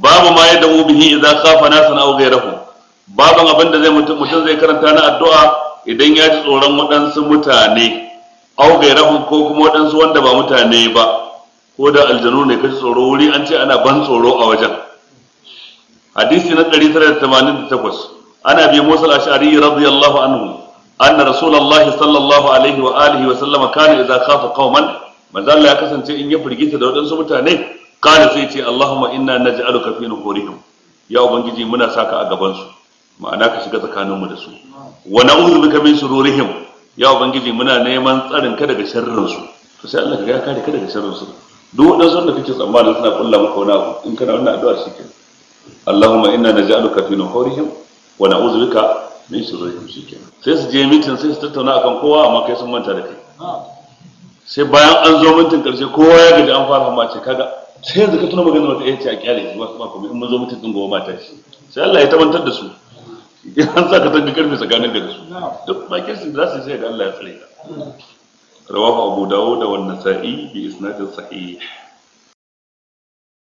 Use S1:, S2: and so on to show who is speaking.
S1: babu ma ya damu bihi kafa nasa na aw rahu. babu abin da zai mutum mutum zai karanta na addu'a idan ya ji tsoron waɗansu mutane aw rahu ko kuma waɗansu wanda ba mutane ba ko da aljanu ne kashi tsoro wuri an ce ana ban tsoro a wajen hadisi na 188 ana bi musa al-ash'ari radiyallahu anhu anna rasulullahi sallallahu alaihi wa alihi wa sallama kana idza khafa qauman manzo Allah ya kasance in ya firgita da waɗansu mutane qala zai ce allahumma inna naj'aluka fi nuhurihim ya ubangiji muna saka a gaban su ma'ana ka shiga tsakanin mu da su wa na'udhu bika min shururihim ya ubangiji muna neman tsarin ka daga sharrin su to sai Allah ya kare ka daga sharrin su duk wadansu da kake tsammanin suna kulla maka wani abu in kana wannan addu'a shike Allahumma inna naj'aluka fi nuhurihim wa na'udhu bika min shururihim shike sai su je mitin sai su tattauna akan kowa amma kai sun manta da kai sai bayan an zo mutum karshe kowa ya gaji an fara mace kaga sai yanzu ka tuna magana wata yace a kyale shi wasu ba kuma in mun zo mintin din goma ta shi sai Allah ya tabbatar da su idan an sa ka tanga karfe tsakanin da su duk bakin su za su sai ga Allah ya tsare ka rawahu abu dawud wa an-nasa'i bi isnadin sahih